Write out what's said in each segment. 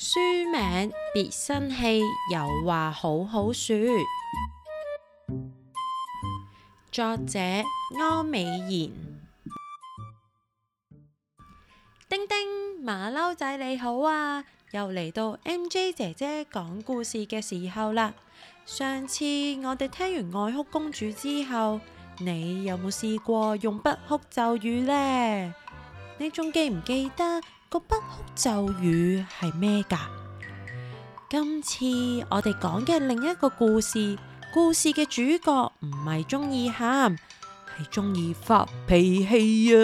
書名《別生氣》，有話好好說。作者：安美妍「丁丁馬騮仔你好啊，又嚟到 MJ 姐姐講故事嘅時候啦。上次我哋聽完愛哭公主之後，你有冇試過用不哭咒語呢？你仲記唔記得？個不哭咒語係咩㗎？今次我哋講嘅另一個故事，故事嘅主角唔係中意喊，係中意發脾氣啊！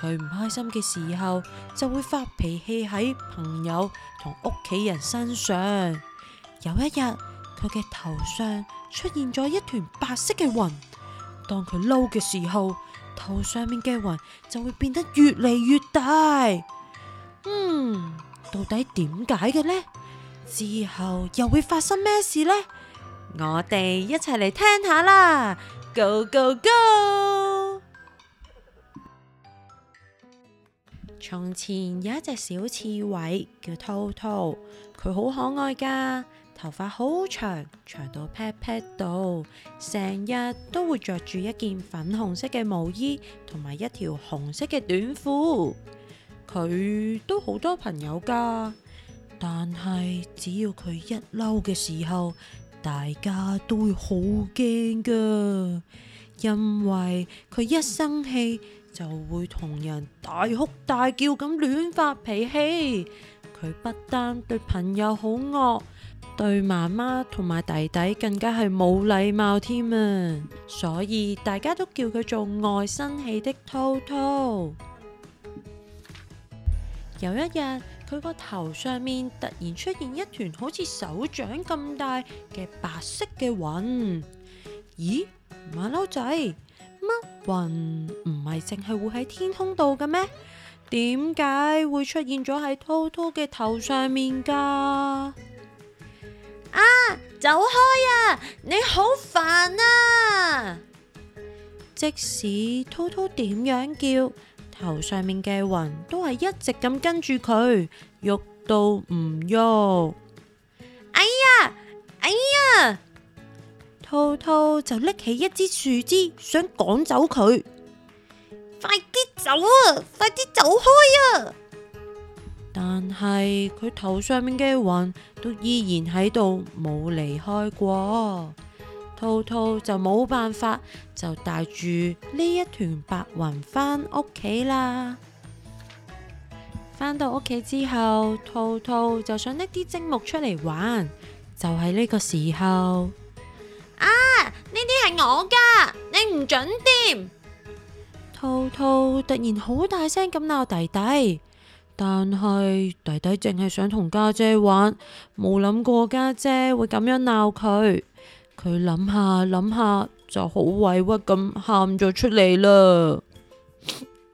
佢唔開心嘅時候就會發脾氣喺朋友同屋企人身上。有一日，佢嘅頭上出現咗一團白色嘅雲，當佢嬲嘅時候，頭上面嘅雲就會變得越嚟越大，嗯，到底點解嘅呢？之後又會發生咩事呢？我哋一齊嚟聽下啦！Go go go！從前有一隻小刺蝟叫陶陶，佢好可愛㗎。頭髮好長，長到 pat pat 度，成日都會着住一件粉紅色嘅毛衣，同埋一條紅色嘅短褲。佢都好多朋友噶，但係只要佢一嬲嘅時候，大家都會好驚噶，因為佢一生氣就會同人大哭大叫咁亂發脾氣。佢不單對朋友好惡。對媽媽同埋弟弟更加係冇禮貌添啊，所以大家都叫佢做愛生氣的陶陶。有一日，佢個頭上面突然出現一團好似手掌咁大嘅白色嘅雲。咦，馬騮仔，乜雲唔係淨係會喺天空度嘅咩？點解會出現咗喺陶陶嘅頭上面㗎？啊！走開啊！你好煩啊！即使陶陶點樣叫，頭上面嘅雲都係一直咁跟住佢，喐到唔喐。哎呀！哎呀！陶陶就拎起一支樹枝，想趕走佢。快啲走啊！快啲走開啊！但係佢頭上面嘅雲都依然喺度，冇離開過。兔兔就冇辦法，就帶住呢一團白雲返屋企啦。返到屋企之後，兔兔就想拎啲積木出嚟玩。就喺呢個時候，啊！呢啲係我噶，你唔准掂！兔兔突然好大聲咁鬧弟弟。但係弟弟淨係想同家姐玩，冇諗過家姐會咁樣鬧佢。佢諗下諗下就好委屈咁喊咗出嚟啦。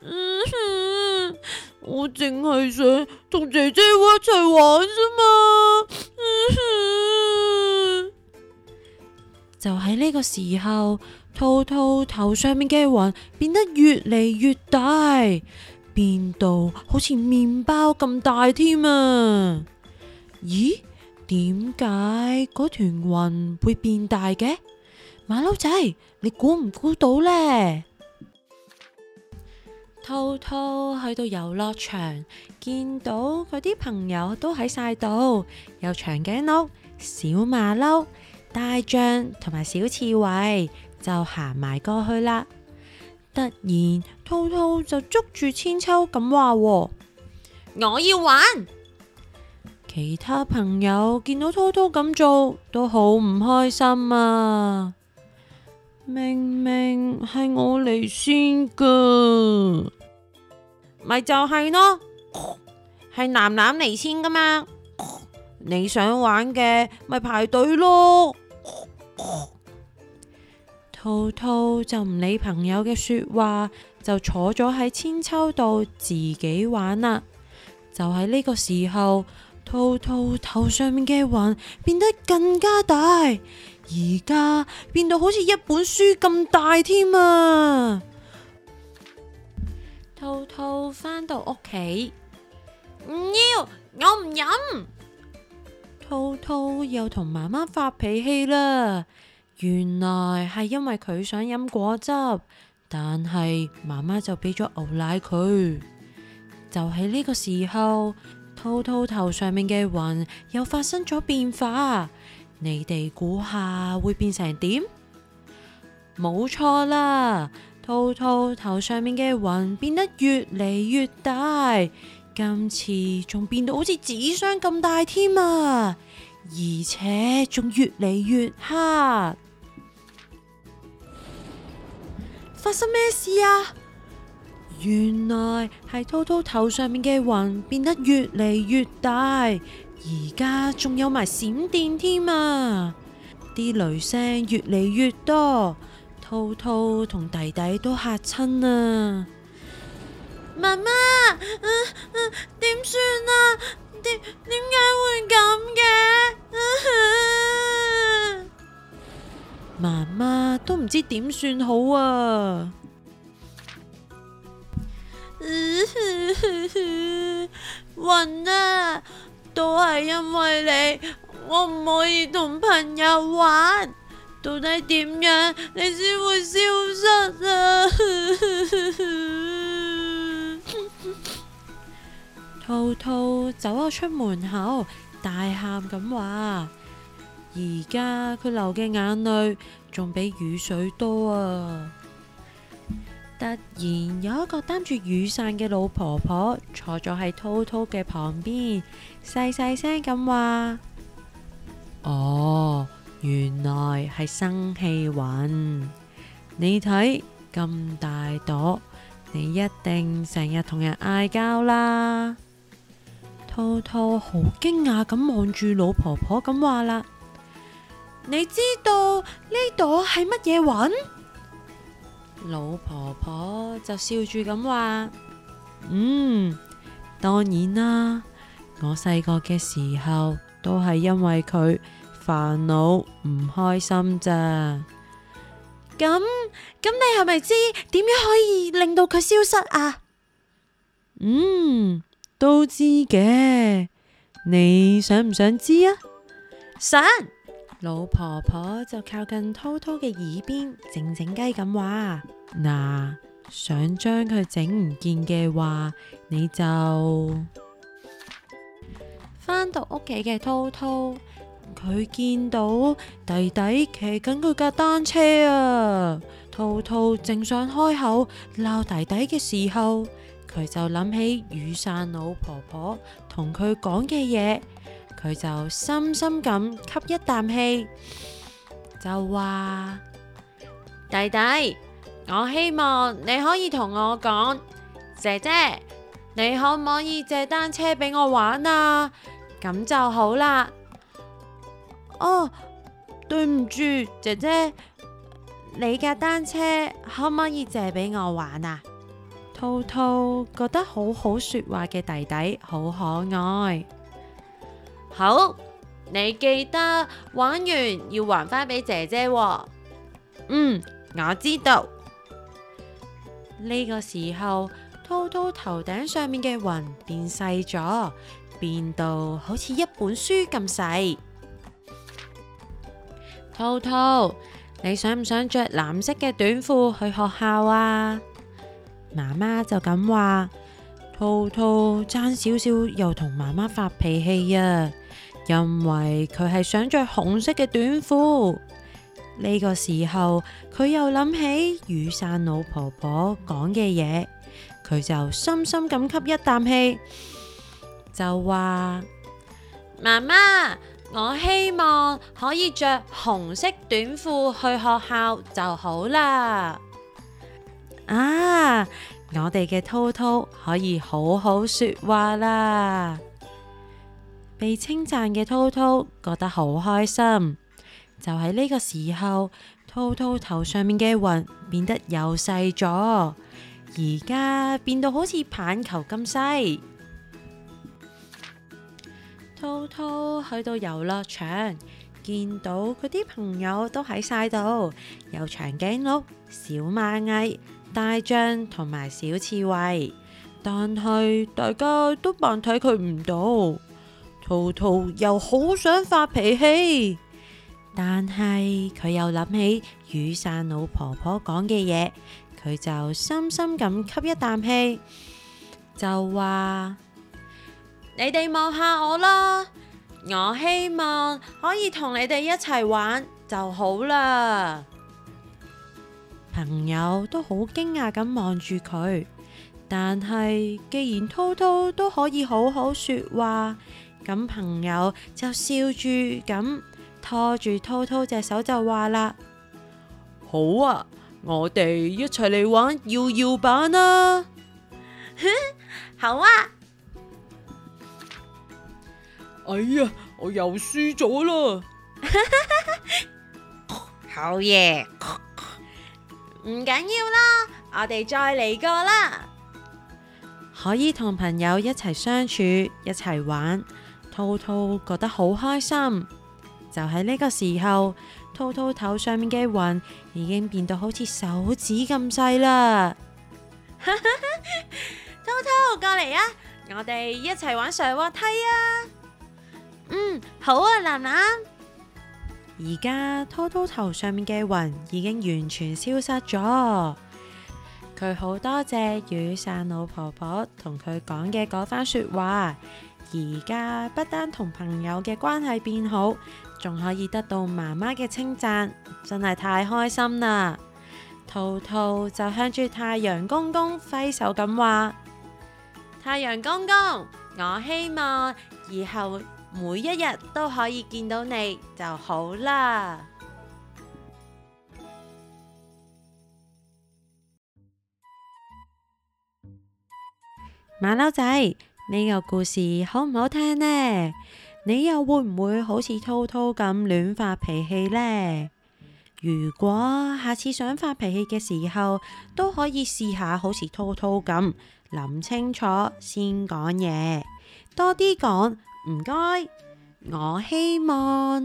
我淨係想同姐姐一齊玩啫嘛。就喺呢個時候，陶陶頭上面嘅雲變得越嚟越大。變到好似麵包咁大添啊！咦，點解嗰團雲會變大嘅？馬騮仔，你估唔估到呢？陶陶去到遊樂場，見到佢啲朋友都喺晒度，有長頸鹿、小馬騮、大象同埋小刺蝟，就行埋過去啦。突然，陶陶就捉住千秋咁話：我要玩。其他朋友見到陶陶咁做，都好唔開心啊！明明係我嚟先噶，咪就係咯，係楠楠嚟先噶嘛，你想玩嘅咪排隊咯。陶陶就唔理朋友嘅說話，就坐咗喺韆鞦度自己玩啦。就喺呢個時候，陶陶頭上面嘅雲變得更加大，而家變到好似一本書咁大添啊！陶陶返到屋企，唔要，我唔飲。陶陶又同媽媽發脾氣啦。原來係因為佢想飲果汁，但係媽媽就俾咗牛奶佢。就喺呢個時候，陶陶頭上面嘅雲又發生咗變化。你哋估下會變成點？冇錯啦，陶陶頭上面嘅雲變得越嚟越大，今次仲變到好似紙箱咁大添啊！而且仲越嚟越黑。發生咩事啊？原來係陶陶頭上面嘅雲變得越嚟越大，而家仲有埋閃電添啊！啲雷聲越嚟越多，陶陶同弟弟都嚇親啊。媽媽，呃呃點算好啊！雲啊！都係因為你，我唔可以同朋友玩。到底點樣你先會消失啊？陶陶走咗出門口，大喊咁話：而家佢流嘅眼淚。仲比雨水多啊！突然有一個擔住雨傘嘅老婆婆坐咗喺陶陶嘅旁邊，細細聲咁話：哦，原來係生氣雲，你睇咁大朵，你一定成日同人嗌交啦！陶陶好驚訝咁望住老婆婆咁話啦。你知道呢朵係乜嘢雲？老婆婆就笑住咁話：嗯，當然啦，我細個嘅時候都係因為佢煩惱唔開心咋。咁咁，你係咪知點樣可以令到佢消失啊？嗯，都知嘅。你想唔想知啊？想。老婆婆就靠近陶陶嘅耳邊，靜靜雞咁話：嗱，想將佢整唔見嘅話，你就翻到屋企嘅。陶陶佢見到弟弟騎緊佢架單車啊！陶陶正想開口鬧弟弟嘅時候，佢就諗起雨傘老婆婆同佢講嘅嘢，佢就深深咁吸一啖氣，就話：弟弟，我希望你可以同我講，姐姐，你可唔可以借單車俾我玩啊？咁就好啦。哦，對唔住，姐姐，你架單車可唔可以借俾我玩啊？陶陶覺得好好說話嘅弟弟好可愛，好，你記得玩完要還返俾姐姐哦。嗯，我知道。呢個時候，陶陶頭頂上面嘅雲變細咗，變到好似一本書咁細。陶陶，你想唔想着藍色嘅短褲去學校啊？媽媽就咁話，兔兔爭少少又同媽媽發脾氣啊！因為佢係想着紅色嘅短褲。呢個時候，佢又諗起雨傘老婆婆講嘅嘢，佢就深深咁吸一啖氣，就話：媽媽，我希望可以着紅色短褲去學校就好啦。啊！我哋嘅陶陶可以好好說話啦。被稱讚嘅陶陶覺得好開心。就喺呢個時候，陶陶頭上面嘅雲變得又細咗，而家變到好似棒球咁細。陶陶去到遊樂場，見到佢啲朋友都喺晒度，有長頸鹿、小螞蟻。大象同埋小刺蝟，但係大家都扮睇佢唔到，陶陶又好想發脾氣，但係佢又諗起雨傘老婆婆講嘅嘢，佢就深深咁吸一啖氣，就話：你哋望下我啦，我希望可以同你哋一齊玩就好啦。朋友都好驚訝咁望住佢，但係既然陶陶都可以好好說話，咁朋友就笑住咁拖住陶陶隻手就話啦：好啊，我哋一齊嚟玩搖搖板啦，啊！ 好啊！哎呀，我又輸咗啦！ 好耶！唔緊要啦，我哋再嚟過啦。可以同朋友一齊相處，一齊玩，陶陶覺得好開心。就喺呢個時候，陶陶頭上面嘅雲已經變到好似手指咁細啦。陶陶 過嚟啊，我哋一齊玩上滑梯啊！嗯，好啊，奶奶。而家陶陶頭上面嘅雲已經完全消失咗，佢好多謝雨傘老婆婆同佢講嘅嗰番說話，而家不單同朋友嘅關係變好，仲可以得到媽媽嘅稱讚，真係太開心啦！陶陶就向住太陽公公揮手咁話：太陽公公，我希望以後。每一日都可以見到你就好啦。馬騮仔，呢個故事好唔好聽呢？你又會唔會好似陶陶咁亂發脾氣呢？如果下次想發脾氣嘅時候，都可以試下好似陶陶咁諗清楚先講嘢，多啲講。唔該，我希望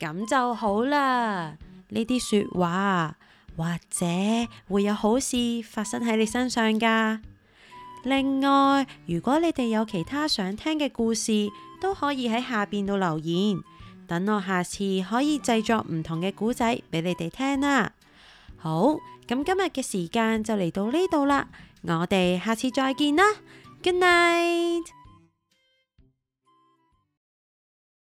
咁就好啦。呢啲說話或者會有好事發生喺你身上噶。另外，如果你哋有其他想聽嘅故事，都可以喺下邊度留言，等我下次可以製作唔同嘅故仔俾你哋聽啦。好，咁今日嘅時間就嚟到呢度啦，我哋下次再見啦，Good night。